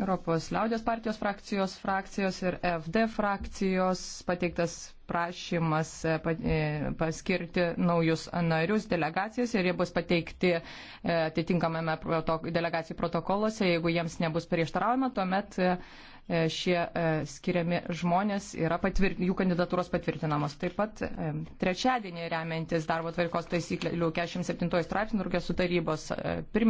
Europos liaudės partijos frakcijos frakcijos ir FD frakcijos pateiktas prašymas e, e, paskirti naujus narius delegacijas ir jie bus pateikti e, atitinkamame protok delegacijų protokolose. Jeigu jiems nebus prieštaraujama, tuomet šie skiriami žmonės yra patvirt, jų kandidatūros patvirtinamos. Taip pat trečiadienį remiantis darbo tvarkos taisyklių 47 straipsnių rūkės sutarybos pirmininkės.